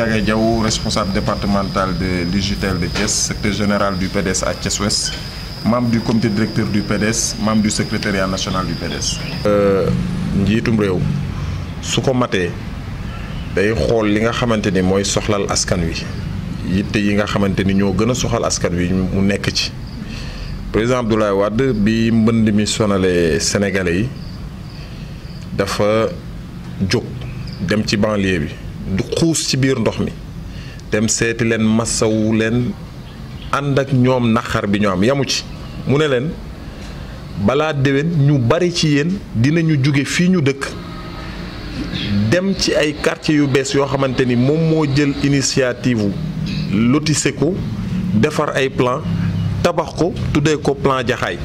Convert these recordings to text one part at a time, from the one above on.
Ndiaga Diaw responsable départemental de l'UJTL de général du PDS à Thiès Ouest membre du comité directeur du membre du secrétariat national du PDS. Euh, njiitum réew su ko matee day xool li nga xamante ni mooy soxlal askan wi yitte yi nga xamante ni ñoo gën a soxal askan wi mu nekk ci président Abdoulaye Wade bi mbënd mi sonalee sénégalais yi dafa jóg dem ci banlieue bi. xuus ci biir ndox mi dem seeti leen masawu leen ànd ak ñoom naqar bi ñu am yamu ci mu ne leen balaa déwén ñu bari ci yéen dinañu jóge fii ñu dëkk dem ci ay quartier yu bees yoo xamante ni moom moo jël initiative lotissé ko defar ay plan tabax ko tuddee ko plan jaxaay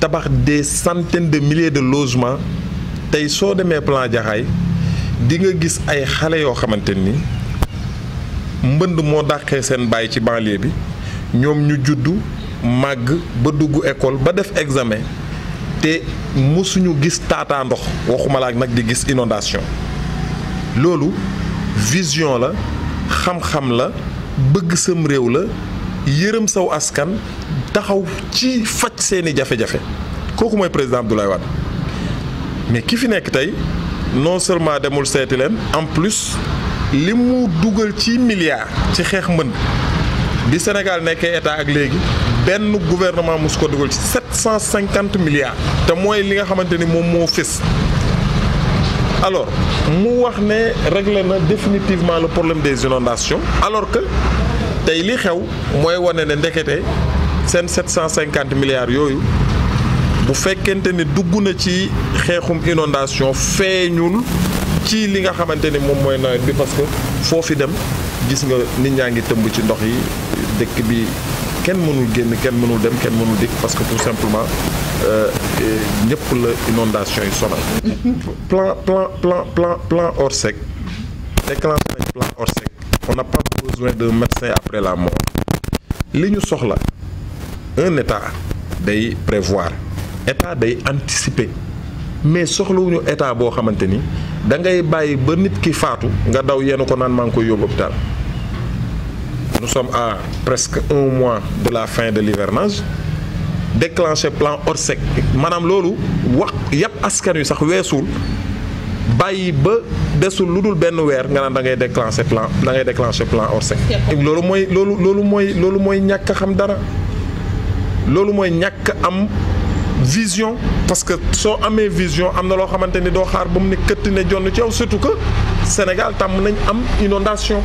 tabax de centaines de millier de logements tey soo demee plan jaxaay di nga gis ay xale yoo xamante ni mbënn moo dàqee seen bàyyi ci banlieue bi ñoom ñu juddu màgg ba dugg école ba def examen te mosuñu gis taataa ndox waxuma laak nag di gis inondation loolu vision la xam-xam la bëgg sëm réew la yërëm saw askan taxaw ci faj seeni jafe-jafe kooku mooy président Abdoulaye Wade mais ki fi nekk tey non seulement demul seeti leen en plus li mu dugal ci milliards ci xeex mbënd bi Sénégal nekkee état ak léegi benn gouvernement mosu ko dugal ci sept cent cinquante milliards te mooy li nga xamante ni moom moo fés alors mu wax ne réglé na définitivement le problème des inondations alors que tey li xew mooy wane ne ndekete seen sept cent cinquante milliards yooyu bu fekkente ni dugg na ci xeexum inondation feeñul ci li nga xamante ni moom mooy nawet bi parce que foo fi dem gis nga nit ñaa ngi tëmb ci ndox yi dëkk bi kenn mënul génn kenn mënul dem kenn mënul dikk parce que tout simplement euh, ñëpp la inondation yi sonal. plan plan plan plan plan Orsec déclenché nañ plan Orsec on n'a pas besoin de médecin après la mort li ñu soxla un état day prévoir. état day anticiper mais soxlawuñu état boo xamante ni da ngay bàyyi ba nit ki faatu nga daw yenn ko naan maa ngi koy yóbbu hôpital nous sommes à presque un mois de la fin de l'hivernage déclencher plan Orsec maanaam loolu wax yàpp askan wi sax weesul bàyyi ba desul lu dul benn weer nga naan da ngay déclencher plan da ngay déclencher plan Orsec. loolu mooy loolu loolu mooy loolu mooy ñàkk a xam dara loolu mooy ñàkk am. vision parce que soo amee vision am na loo xamante ni doo xaar ba mu ne këtt ne jonn ci yow surtout que Sénégal tàmm nañ am inondation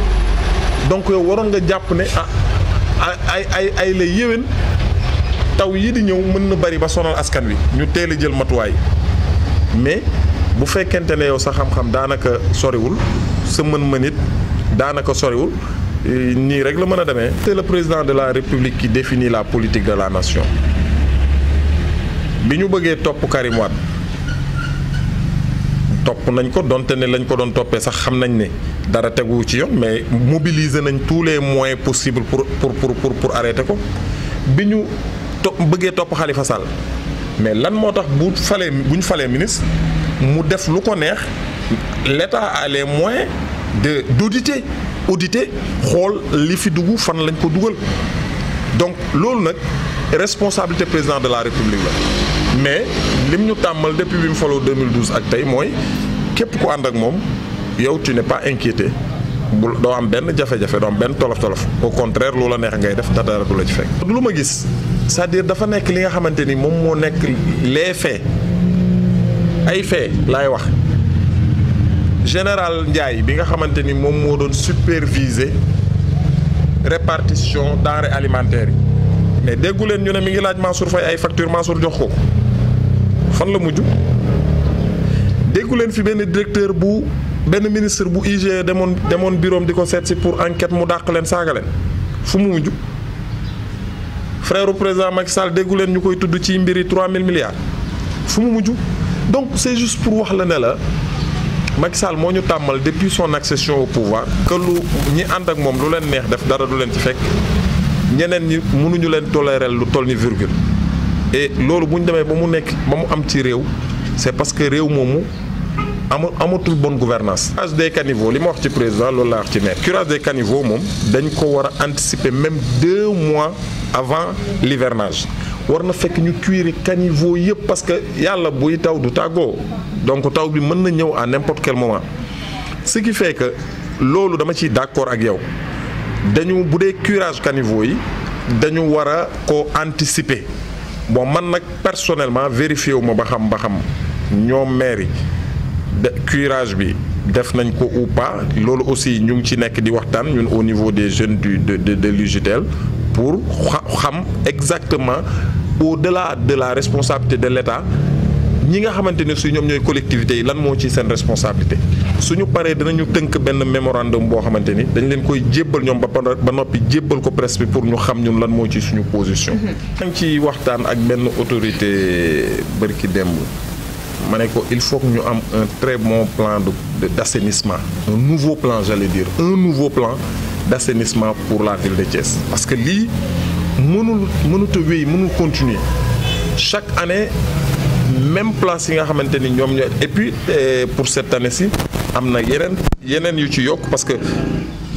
donc yow waroon nga jàpp ne ah ay ay ay la yéwén taw yi di ñëw mën na bari ba sonal askan wi ñu teel a jël matuwaay mais bu fekkente ne yow sa xam-xam daanaka soriwul sa mën-mën it daanaka soriwul eh, nii rek la mën a demee. c'est le président de la république qui définit la politique de la nation. bi ñu bëggee topp Karim Wade topp nañ ko donte ne lañ ko doon toppee sax xam nañ ne dara tegu ci yoon mais mobiliser nañ tous les moyens possibles pour pour pour pour pour arrêter ko bi ñu topp bëggee topp Khalifa Sall mais lan moo tax bu falee bu ñu falee ministre mu def lu ko neex l'État a les moyens de d'auditer auditer xool li fi dugg fan lañ ko dugal donc loolu nag responsabilité président de la République la mais lim ñu tàmmal depuis bi mu faloo 2012 ak tey mooy képp ku ànd ak moom yow ci ne pas inquiété bu doo am benn jafe-jafe doo am benn tolof-tolof au contraire lu la neex ngay def te dara du la ci fekk. lu ma gis cest à dafa nekk li nga xamante ni moom moo nekk les faits ay faits laay wax général njaay bi nga xamante ni moom moo doon superviser répartition denrées alimentaires yi mais déggu leen ñu ne mi ngi laaj Mansour Faye ay facture Mansour jox ko. fan la mujj déggu leen fi benn directeur bu benn ministre bu IGE demoon demoon biroom di ko seet pour enquête mu dàq leen saaga leen fu mu mujj frère président Macky Sall déggu leen ñu koy tudd ci mbiri 3000 milliards fu mu mujj donc c'est juste pour wax la ne la Macky Sall moo ñu tàmmal depuis son accession au pouvoir que lu ñi ànd ak moom lu leen neex def dara du leen ci fekk ñeneen ñi mënuñu leen tolerel lu tool ñi virgule loolu bu ñu demee ba mu nekk ba mu am ci réew c'est parce que réew moomu ama amatul bonne gouvernance curage des caniveaux li ma wax ci président loolu laa wax ci maire curage des caniveaux moom dañ ko war a anticiper même deux mois avant l'hivernage war na fekk ñu cuire caniveau yëpp parce que yàlla buy taw du tàggoo donc taw bi mën na ñëw à n'importe quel moment ce qui fait que loolu dama ciy d'accord ak yow dañu bu dee curage caniveau yi dañu war a ko anticiper bon man nag personnellement vérifié wu ma ba xam ba xam ñoom maire de curage bi def nañ ko ou pas loolu aussi ñu ngi ci nekk di waxtaan ñun au niveau des jeunes du de de de l'UGTL pour xam exactement au-delà de la responsabilité de l'État ñi nga xamante ne su ñoom ñooy collectivités yi lan moo ci seen responsabilité. suñu paree dinañu tënk benn mémorandum boo xamante ni dañ leen koy jébbal ñoom ba ba noppi jébbal ko presse bi pour ñu xam ñun lan moo ci suñu position. dañ mhm. ci waxtaan ak benn autorité bërki démb ma ne ko il faut que ñu am un très bon plan de d'assainissement. un nouveau plan j'allais dire un nouveau plan d'assainissement pour la ville de Thiès parce que lii mënul mënut a wéy mënul continuer chaque année. même place yi nga xamante ni ñoom ñoo et puis eh, pour cette année si am na yeneen yeneen yu ci yokk parce que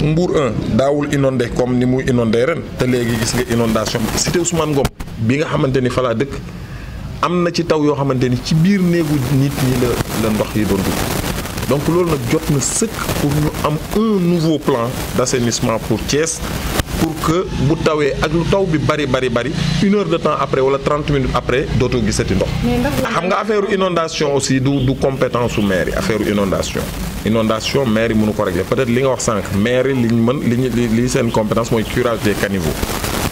Mbour daawul inonde comme ni muy inondé ren te léegi gis nga inondation cité Ousmane Ngom bi nga xamante ni fa dëkk am na ci taw yoo xamante ni ci biir néegu nit ñi la ndox yi doon dugg donc loolu nag jot na sëkk pour ñu am un nouveau plan d'assainissement pour Thiès que bu tawee ak lu taw bi bari bari bari une heure de temps après wala trente minutes après dootoo gisati ndox. xam nga affaire inondation aussi du du compétence su maire yi affaire inondation inondation maire yi mënu ko régler peut-être li nga wax sànq maire li ñu mën li ñu li seen compétence mooy curage des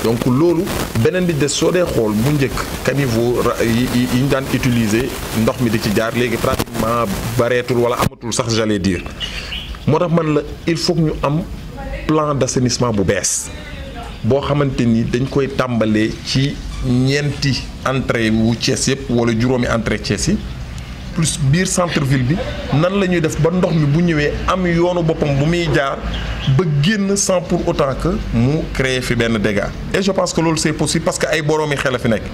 donc loolu beneen bi des soo dee xool bu njëkk caniveau yi yi ñu daan utiliser ndox mi di ci jaar léegi pratiquement bareetul wala amatul sax j'allais dire moo man la il faut ñu am plan d'assainissement bu bees. boo xamante ni dañ koy tàmbalee ci ñeenti entrée wu Thiès yëpp wala juróomi entrée cees yi plus biir centre ville bi nan la ñuy def ba ndox mi bu ñëwee am yoonu boppam bu muy jaar ba génn sans pour autant mu créer fi benn dégât et je pense que loolu c'est possible parce que ay boroomi xel a fi nekk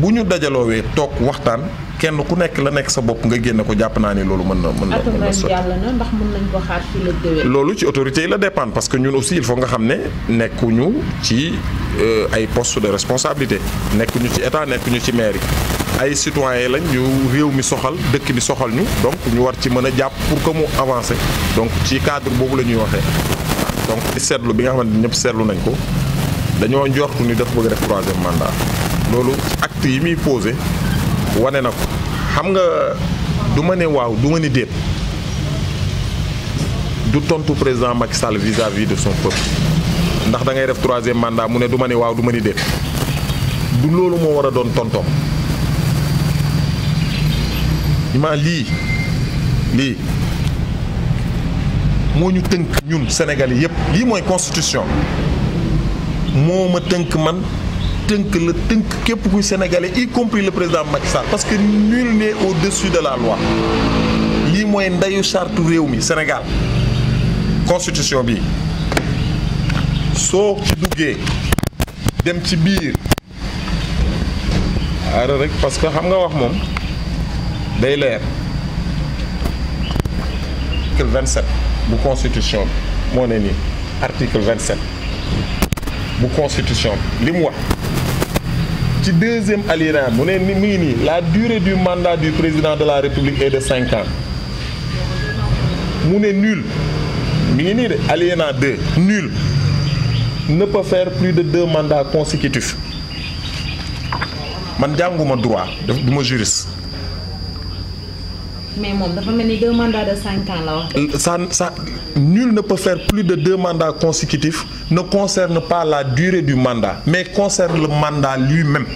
bu ñu dajaloowee toog waxtaan kenn ku nekk la nekk sa bopp nga génne ko jàpp naa ni loolu mën na mën na mën ko xaar fi la loolu ci autorité yi la dépendre parce que ñun aussi il nga xam ne nekkuñu ci euh, ay post de responsabilité nekkuñu ci état nekkuñu ci mairie ay citoyen lañ ñu réew mi soxal dëkk bi soxal ñu donc ñu war ci mën a jàpp pour que mu avancé donc ci cadre boobu la ñuy waxee donc ci seetlu bi nga xamante ni ñëpp seetlu nañ ko dañoo njortu ni dafa bëgg def troisième loolu acte yi muy wane na ko xam nga du ma ne waaw du ma ne déet du tontu président Macky Sall vis-à-vis de son peuple ndax da ngay def troisième mandat mu ne du ma ne waaw du ma ne déet du loolu moo war a doon tontoom imaam lii lii moo ñu tënk ñun Sénégalais yépp lii mooy constitution moo ma tënk man tënk la tënk képp kuy sénégalais y compris le président Macky Sall parce que nul n'est au-dessus de la loi lii mooy ndeyu charte réew mi Sénégal constitution bi soo ci duggee dem ci biir aara rek parce que xam nga wax moom day leer article 27 bu constitution bi moo ne nii article 27 bu constitution bi li mu wax ci deuxième alinéa mu ne ni mu ngi nii la durée du mandat du président de la république est de mu ne nul mi ngi nii de alinéa 2 nul ne plus de deux mandats consécutifs man jànguma droit def du mais moom dafa mel ni deux mandats de cinq ans la wax. Euh, ça ça nul ne peut faire plus de deux mandats consécutifs ne concerne pas la durée du mandat mais concerne le mandat lui-même.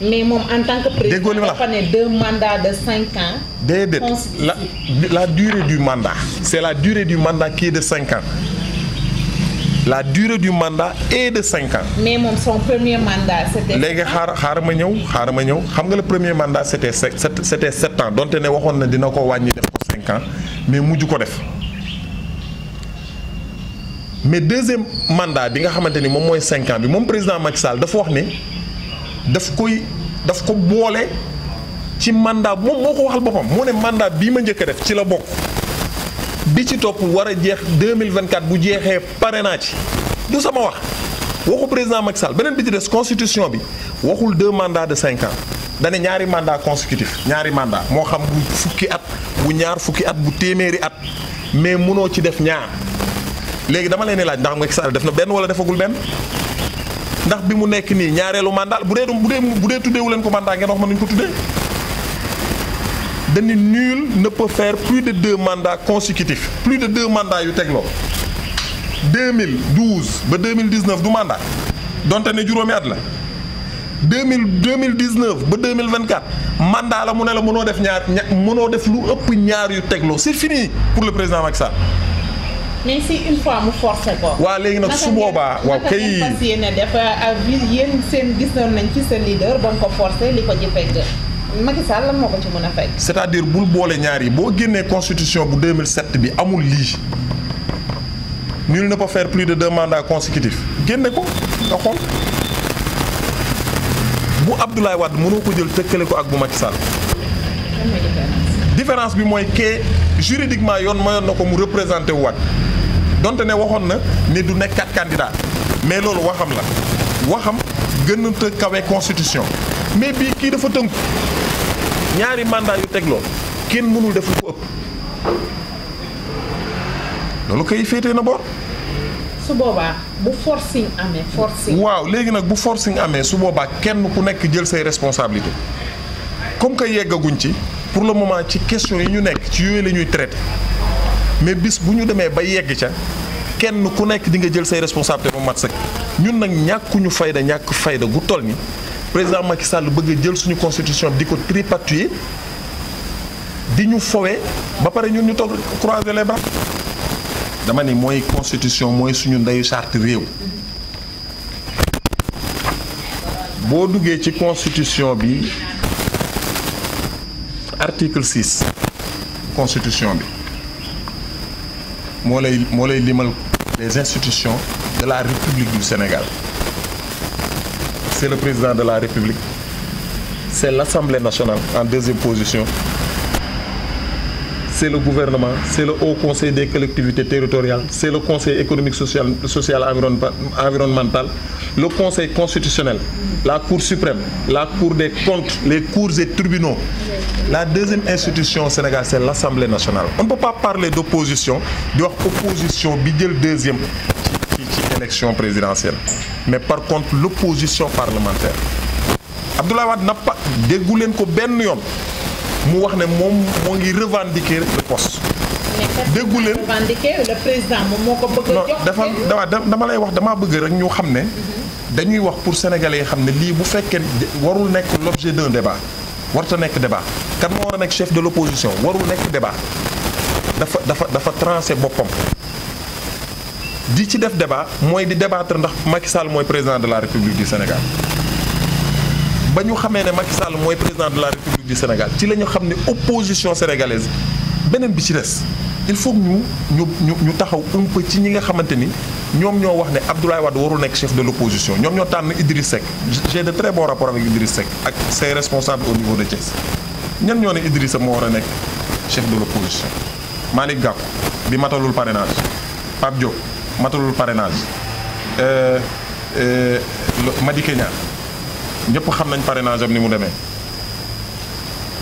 mais moom en tant que président dafa ne deux mandats de cinq ans. déedéet la durée du mandat. c'est la durée du mandat qui de cinq ans. la durée du mandat est de cinq ans. mais moom son premier mandat c'était léegi xaar xaar ma ñëw xaar ma ñëw xam nga le premier mandat c'était sept c'était sept ans donte ne waxoon na dina ko wàññi def ko cinq ans mais mujj ko def mais deuxième mandat bi nga xamante ni moom mooy cinq ans bi moom président Macky Sall dafa wax ne daf koy daf ko boole ci mandat moom moo ko waxal boppam moo ne mandat bii ma njëkk def ci la bokk. bi ci topp war a jeex 2024 bu jeexee pare naa ci du sama wax waxu président Macky Sall beneen bi ci des constitution bi waxul deux mandats de cinq ans dane ñaari mandat consécutif ñaari mandat moo xam bu fukki at bu ñaar fukki at bu téeméeri at mais mënoo ci def ñaar léegi dama leen di laaj ndax Macky Sall def na benn wala defagul benn ndax bi mu nekk nii ñaareelu mandat bu dee bu dee bu dee tuddeewu leen ko mandat ngeen wax ma nuñ ko tuddee dañu nul ne peut faire plus de deux mandats consécutifs plus de deux mandats yu tegloo 2012 ba 2019 du mandat donte ne juróomi at la 2000 2019 ba 2024 mandat la mu ne la mënoo def ñaar ña mënoo def lu ëpp ñaar yu tegloo c'est fini pour le président Macky Sall. mais si une fois mu forcé ko. waaw léegi nag su boobaa. waaw kay naka ngeen fas yéene def euh, yéen seen nañ ci sa leader ba nga ko forcé li ko ci fekk. Macky Sall moo ko ci mën c'est-à-dire bul boole ñaar yi boo génnee constitution bu 2007 bi amul lii nul ne peut faire plus de deux mandats consécutifs génne ko nga xool bu Abdoulaye wat mënoo ko jël tëkkale ko ak bu Macky Sall. différence bi mooy kee juridiquement yoon mayoon na ko mu représenté wu waat donte ne waxoon na ne du nekkaat candidat mais loolu waxam la. waxam gënut a kawe constitution mais bii kii dafa tënku ñaari mandat yu tegloo kenn mënul def lu ko ëpp loolu koy féetee na boor. su boobaa bu forcing amee forcing. waaw léegi nag bu forcing amee su boobaa kenn ku nekk jël say responsabilité comme que yeggaguñ ci pour le moment ci question yi ñu nekk ci yooyu la ñuy traité mais bis bu ñu demee ba yegg ca kenn ku nekk di nga jël say responsabilité ba mat sëkk. ñun nag ñàkkuñu fayda ñàkk fayda gu toll ni président Macky Sall bëgg jël suñu constitution bi di ko tripatouiller di ñu fowee ba pare ñun ñu toog croiser les bras dama ni mooy constitution mooy suñu ndeyu chart réew boo duggee ci constitution bi article six constitution bi moo lay moo lay limal les institutions de la République du Sénégal c'est le président de la République c'est l'Assemblée nationale en deuxième position c'est le gouvernement c'est le Haut Conseil des collectivités territoriales c'est le Conseil économique social social environnemental le Conseil constitutionnel la Cour suprême la Cour des comptes les cours et tribunaux la deuxième institution au Sénégal c'est l'Assemblée nationale on ne peut pas parler d'opposition di wax opposition bi jël deuxième élection présidentielle mais par contre l'opposition parlementaire Abdoulaye Wade na pa déggu leen ko benn yoon mu wax ne moom moo ngi revendiquer le poste. déggu leen le moo ko bëgg a jox dafa dafa dama lay wax damaa bëgg rek ñu xam ne. dañuy wax pour sénégalais yi xam ne lii bu fekkee warul nekk l'objet d'un débat warta nekk débat kan moo war a nekk chef de l'opposition warul nekk débat dafa dafa dafa tranché boppam. di ci def débat mooy di débattre ndax Macky Sall mooy président de la République du Sénégal ba ñu xamee ne Macky Sall mooy président de la République du Sénégal ci lañu xam ne opposition sénégalaise beneen bi ci des il faut ñu ñu ñu ñu taxaw un ci ñi nga xamante ni ñoom ñoo wax ne Abdoulaye Wade warul nekk chef de l'opposition ñoom ñoo tànn Idriss Seck j'ai de très bons rapports avec Idriss ak ses responsables au niveau de Thiès ñan ñoo ne Idrissa moo war a nekk chef de l'opposition Malick Gakou bi matalul parrainage Pape Diop matalul parrainage euh, euh, Madické Niang ñëpp xam nañ parrainage am ni mu demee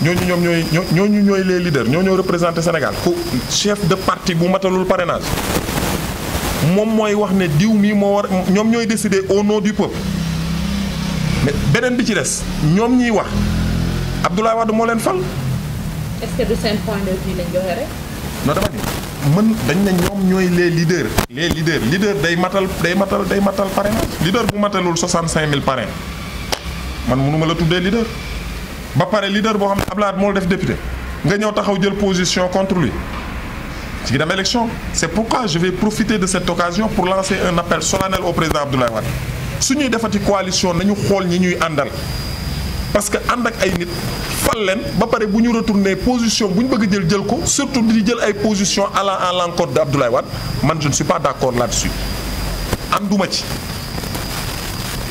ñooñu ñoom ñooy ñooñu ñooy les leaders ñoo ñoo représenté Sénégal ku chef de partie bu matalul parrainage moom mooy wax ne diw mii moo war ñoom ñooy décider au nom du peuple beneen bi ci des ñoom ñiy wax Abdoulaye Wade moo leen fal. est non dama ni mën dañ ne ñoom ñooy les leaders. les leaders leader day matal day matal day matal parrainage leader bu matalul 65000 parrain man mënu ma la tuddee leader ba pare leader boo xam ne Ablaye moo def député nga ñëw taxaw jël position contre lui ci dem élection c'est pourquoi je profiter de cette occasion pour lancer un appel solennel au président Abdoulaye Wade su ñuy defati coalition nañu xool ñi ñuy àndal. parce que ànd ak ay nit fal leen ba pare bu ñu retourner position bu ñu bëgg jël jël ko surtout di jël ay position à la à l'encontre d'Abdoulaye Wade man je ne suis pas d'accord là-dessus ànduma ci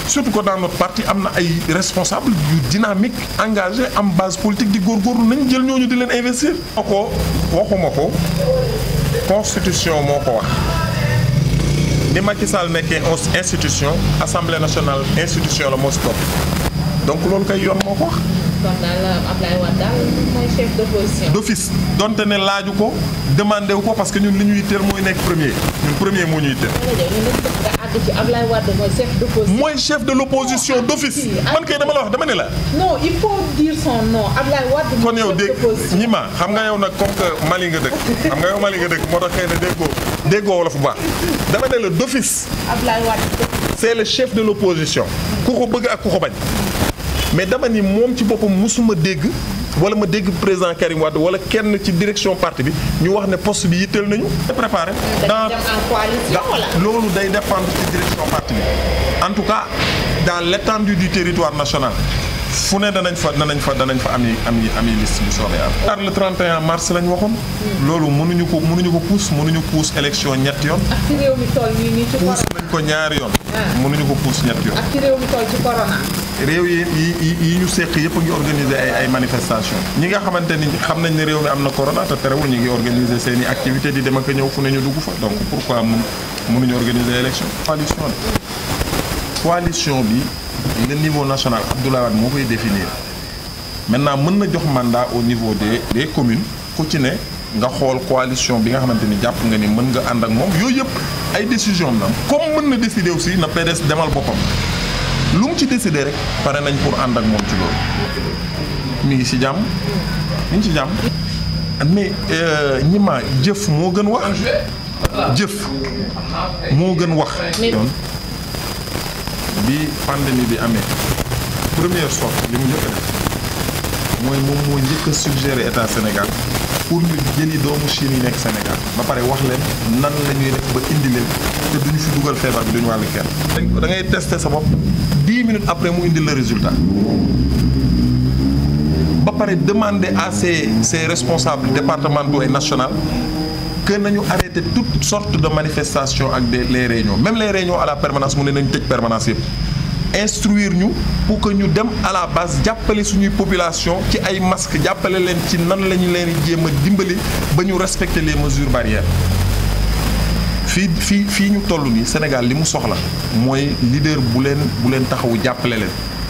surtout ko dans notre parti am na ay responsable yu dynamique engagé am base politique di góor góorgóorlu nañ jël ñooñu di leen investir. ma ko waxuma ko constitution moo ko wax ni Macky Sall nekkee institution assemblée nationale institution la moo si donc loolu ko wax. kon daal Ablaye donte ne laaju ko demandé wu ko parce que ñun li ñuy teel mooy nekk premier ñun premier moo ñuy teel. ci Ablaye mooy chef de l'opposition mooy chef de l'opposition dama la wax dama ne la. kon yow dégg ñi xam nga yow nag comme que Mali nga dëkk xam nga yow Mali nga dëkk moo tax xëy na déggoo déggoo wala fu baax dama ne la d'office. Ablaye Wade chef de l'opposition ku ko bëgg ak ku ko bañ. mais dama ni moom ci boppam musuma dégg wala ma dégg président Karim Wade wala kenn ci direction parti bi ñu wax ne poste bi yitteel nañu. préparé dans loolu day dépendre ci direction parti bi en tout cas dans l'étendue du territoire national. fu ne danañ fa danañ fa danañ fa am yi am yi am yi liste bu soobee am. par le 31 mars lañ waxoon. loolu mënuñu ko mënuñu ko puus mënuñu puus élection ñetti yoon. ak ci réew mi toll ko ñaari yoon. Ah. mënuñu ko puus ñetti yoon. ak réew yi yi yi ñu seq yëpp a ngi organiser ay manifestation ñi nga xamante ni xam nañ ne réew mi am na corona te terewul ñu ngi organiser seeni i activité di dem ak ñëw fu ne ñu dugg fa donc pourquoi mun mënuñu organiser élection coalition la coalition bi le niveau national Abdoulaye Wade moo koy définir maintenant mën na jox mandat au niveau des des communes ku ci ne nga xool coalition bi nga xamante ni jàpp nga ni mën nga ànd ak moom yooyu yëpp ay décision am na mën na décider aussi na PDS demal boppam lu mu ci décidé rek pare nañ pour ànd ak moom ci loolu mi ngi ci jàmm mi ngi ci jàmm mais ñi euh, jëf moo gën wax jëf moo gën wax bi pandémie bi amee première sorte li mu njëkk a mooy moom moo njëkk a état Sénégal pour ñu jëli doomu Chine yi nekk Sénégal ba pare wax leen nan la def ba indi leen te duñu fi dugal feebar bi duñu wàll kenn. da ngay testé sa bopp 10 minutes après mu indi le résultat ba pare demander à ses ses responsables départementaux et nationaux que nañu arrêté toute sorte de manifestation ak des les réunions même les réunions la permanence mu ne nañu tëj permanence yëpp. instruire ñu pour ñu dem à la base jàppale suñuy population ci ay masque jàppale leen ci nan la ñu leen jéem a dimbali ba ñu respecter les mesures barrières fii fii fii ñu toll nii Sénégal li mu soxla mooy leader bu leen bu leen taxawu jàppale leen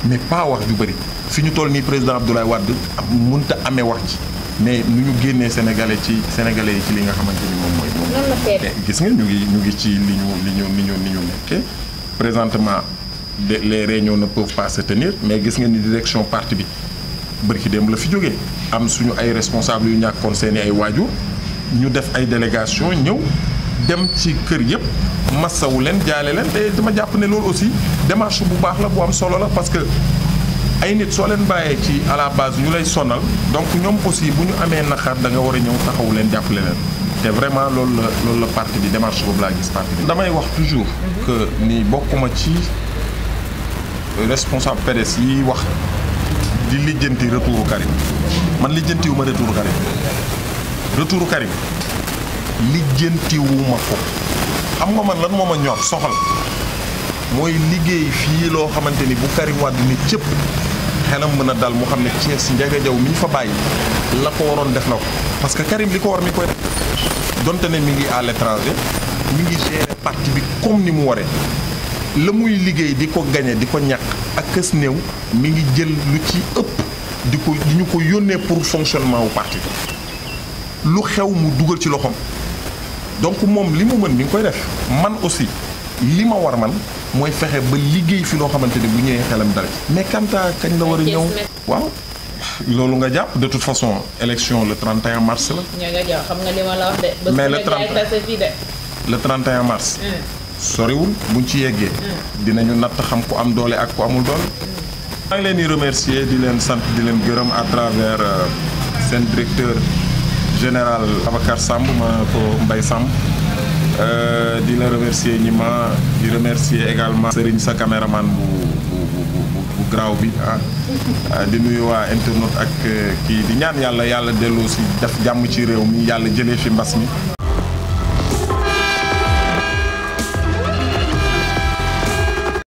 mais pas wax ju bëri fi ñu toll nii président Abdoulaye Wade mënta amee wax ji mais nu ñu génnee sénégalais ci sénégalais yi ci li nga xamante ni moom mooy. moom eh, gis nga ñu ngi ñu ngi ci li ñu li ñu li ñu ñu nekkee présentement. les réunions na peuvent pas se tenir mais gis nga ni direction parti bi bërki démb la fi jógee am suñu ay responsables yu ñàkkoon seeni ay waajur ñu def ay délégation ñëw dem ci kër yëpp massawu leen jaale leen dama jàpp ne loolu aussi démarche bu baax la bu am solo la parce que ay nit soo leen bàyyee ci à la base ñu lay sonal donc ñoom aussi bu ñu amee naxaat da nga war a ñëw taxawu leen jàpp jàppale leen te vraiment loolu la loolu la parti bi démarche boobu laa gis parti bi. wax toujours que bokkuma ci. responsable PDS yi wax di lijjanti retouru Karim man lijjantiwu ma retouru Karim retouru Karim lijjantiwu ko xam nga man lan moo ma ñor soxal mooy liggéey fii loo xamante ni bu Karim Wade ni cëpp xelam mën a dal mu xam ne Thiès Ndiaga Diaw mi ñu fa bàyyi la ko waroon def na ko parce que Karim li ko war mi koy def donte ne mi ngi à l'étranger mi ngi gérer parti bi comme ni mu waree la muy liggéey di ko gañe di ko ñàkk ak kës néew mi ngi jël lu ci ëpp di ko di ñu ko yónnee pour fonctionnement wu parti lu xew mu dugal ci loxoom donc moom li mu mën mi ngi koy def man aussi li ma war man mooy fexe ba liggéey fi loo xamante ni bu ñëwee xelam dara ci mais Kanta kañ la war a ñëw waaw loolu nga jàpp de toute façon élection le 31 mars la. ñoo la wax de. mais le 31 le 31 mars. soriwul buñ ci yeggee dinañu natt xam ku am doole ak ku amul doole maa leen di remercier di leen sant di leen gërëm à travers euh, seen directeur général Abacar Samb ma ko Mbaye Samb euh, di la remercier ñi ma di remercier également Serigne sa caméraman bu bu bu graw bi ah. euh, di nuyu waa internet ak kii di ñaan yàlla yàlla delloo si def jàmm ci réew mi yàlla jëlee fi mbas mi